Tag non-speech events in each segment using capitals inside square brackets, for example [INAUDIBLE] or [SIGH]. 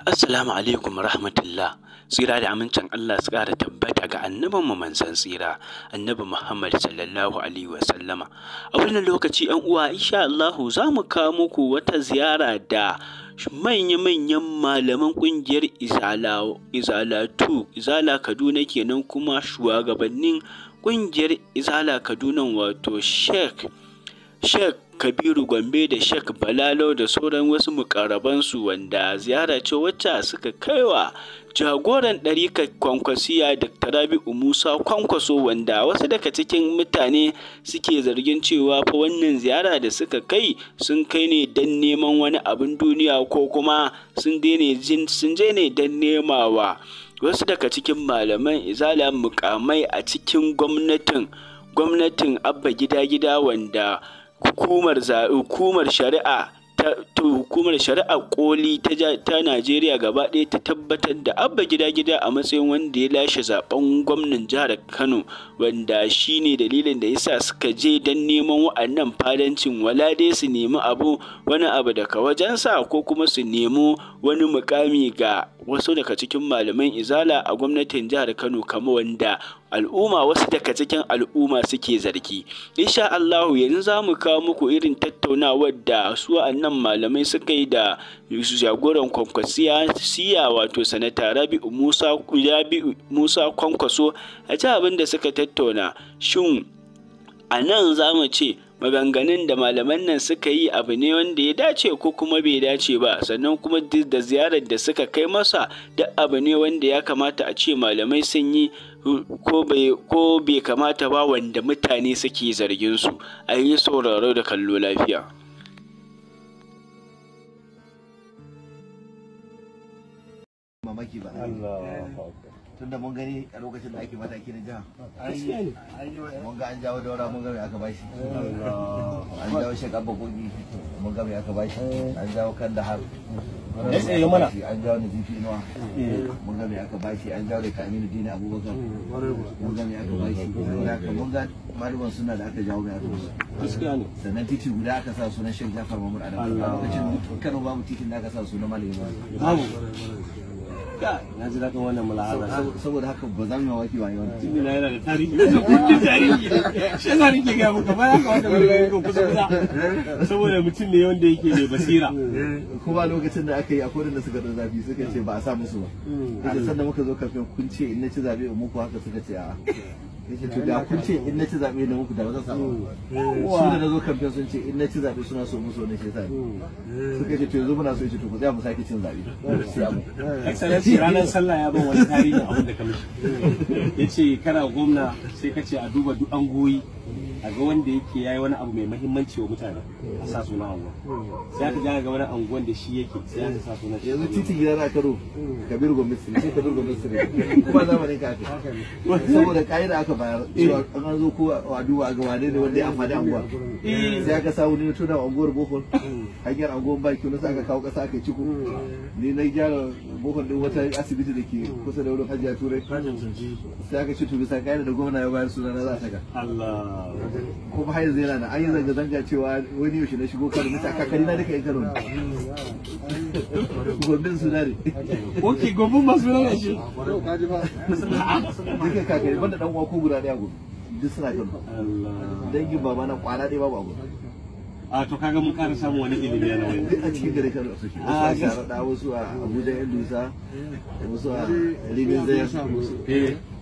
Assalamu alaikum rahmatullah. Tsira da amincin Allah su ƙara tabbata ga annabin mu manzon tsira, annabi Muhammad sallallahu alaihi wasallama A wannan lokaci ‘yan uwa insha Allah za mu kawo muku wata ziyara da manya-manyan malaman ƙungiyar Izala Izalatu Izala Kaduna kenan kuma shugabannin ƙungiyar Izala Kaduna wato Sheikh Sheikh Kabiru Gombe da Sheikh Balalo da sauran wasu muƙarabansu wanda ziyara ce wacce suka kaiwa jagoran ɗarikar kwankwasiya Dr. Rabi'u Musa Kwankwaso wanda wasu daga cikin mutane suke zargin cewa fa wannan ziyara da suka kai sun kai ne don neman wani abin duniya ko kuma sun je ne don nemawa wasu daga cikin malaman izala mukamai a cikin gwamnatin gwamnatin abba gida gida wanda Hukumar Shari'a Koli ta Najeriya gaba ɗaya ta tabbatar da Abba Gida Gida a matsayin wanda ya lashe zaben gwamnan jihar Kano, wanda shi ne dalilin da yasa suka je don neman wa'annan fadancin, wala dai su nemi abu wani abu daga wajensa ko kuma su nemo wani mukami ga wasu daga cikin malaman izala a gwamnatin jihar Kano kama wanda al'umma wasu daga cikin al'umma suke zargi insha Allahu yanzu za mu kawo muku irin tattaunawar da su annan malamai suka yi da jagoran kwankwasiya siya wato sanata Rabi'u Musa Musa Kwankwaso a ci abin da suka tattauna shin a nan za mu ce maganganun da malaman nan suka yi abu ne wanda ya dace ko kuma bai dace ba sannan kuma da ziyarar da suka kai masa duk abu ne wanda ya kamata a ce malamai sun yi hmm, ko bai kamata ba wanda mutane suke zargin su a yi sauraro da kallo lafiya tunda mun gani a lokacin da ake mataki na jiha mun ga an jawo daura mun ga mai aka bashi eh, an jawo shi gaba kogi mun ga mai aka bashi an jawo kan da har an jawo na jifi inuwa eh. mun ga mai aka bashi an jawo da kaminu dina abubakar eh, mun ga mai aka bashi mun ga malaman suna da aka jawo mai aka bashi sannan titi guda aka sa sunan shek jafar mamur adam a lokacin kano babu titin da aka sa sunan malamin na ji daɗin wannan mulahaza saboda haka ba za mu waki wayo wannan tun da yana da tarihi da kundin tarihi shi yasa nake ga muka ba haka wanda wani gari ko kusa kusa saboda mutum ne wanda yake mai basira eh, kuma lokacin da aka yi akwai da suka da zabi suka ce ba a sa musu ba hmm. sannan muka zo kafin kun ce in na ci zabe muku haka suka ce a'a yake to da kun ce in na ci zaɓe na muku da ba samu eh, su da na zo kamfen sun ce in na ci zaɓe suna so musu wani eh. suka ce to yanzu muna so ce to ku mu sake cin zaɓe eh. excellency ranar sallah ya ban wani tarihin abin da ka mishi [LAUGHS] ya ce kana gwamna sai ka ce a duba duk an goyi a ga wanda yake yayi wani abu mai mahimmanci wa mutane a sa suna anguwa sai aka ja ga wani anguwan da shi yake sai aka sa suna yanzu titi gidan na karo kabir gwamnati sai kabir gwamnati kuma zamanin ka aka saboda da aka bayar cewa an zo ko a duba ga wane ne wanda ya amfani anguwa eh. sai aka sa wani tuna anguwar bohol hanyar anguwan baki wani aka kawo kasa aka ciko ni na gyara bohol din wata asibiti da ke kusa da wurin hajiya turai sai aka ce tubi sai ka'ida da gwamna ya bayar suna na za ta ga Allah kuma har yanzu yana na an yi zanga-zanga cewa wani yaushe na shigo kano mutane kakari na duka yan kano ne [LAUGHS] gombin suna ne ok gombin masu nan shi duka kakari banda dan uwa ko guda daya gobe duk suna kano dangin baba na kwana ɗaya babu a gobe a to kaga mun ƙara samun wani ilimi yana wani duk a cikin gare kano a shara da wasu a abuja yan dusa wasu a ribin zai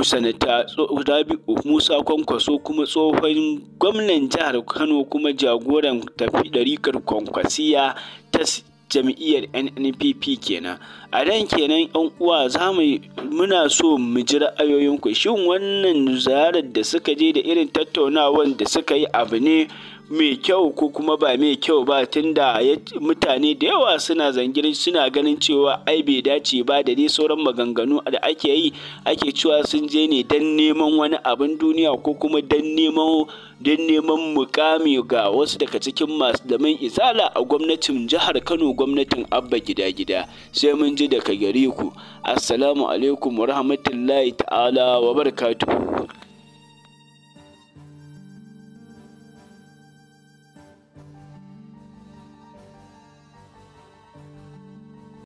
sanata rabi' musa kwankwaso kuma tsohon gwamnan jihar kano kuma jagoran tafi ɗarikar kwankwasiya ta jam'iyyar nnpp kenan a ran kenan yan uwa za mu muna so mu ji ra'ayoyinku shin wannan ziyarar da suka je da irin tattaunawar da suka yi abu ne mai kyau ko kuma ba mai kyau ba tunda mutane da yawa suna zangiri suna ganin cewa ai bai dace ba da dai sauran maganganu da ake yi ake cewa sun je ne don neman wani abin duniya ko kuma don neman dan neman mukami ga wasu daga cikin masu damin izala a gwamnatin jihar Kano gwamnatin Abba gida gida sai mun daga gare ku assalamu alaikum wa rahmatullahi ta'ala wa barakatuhu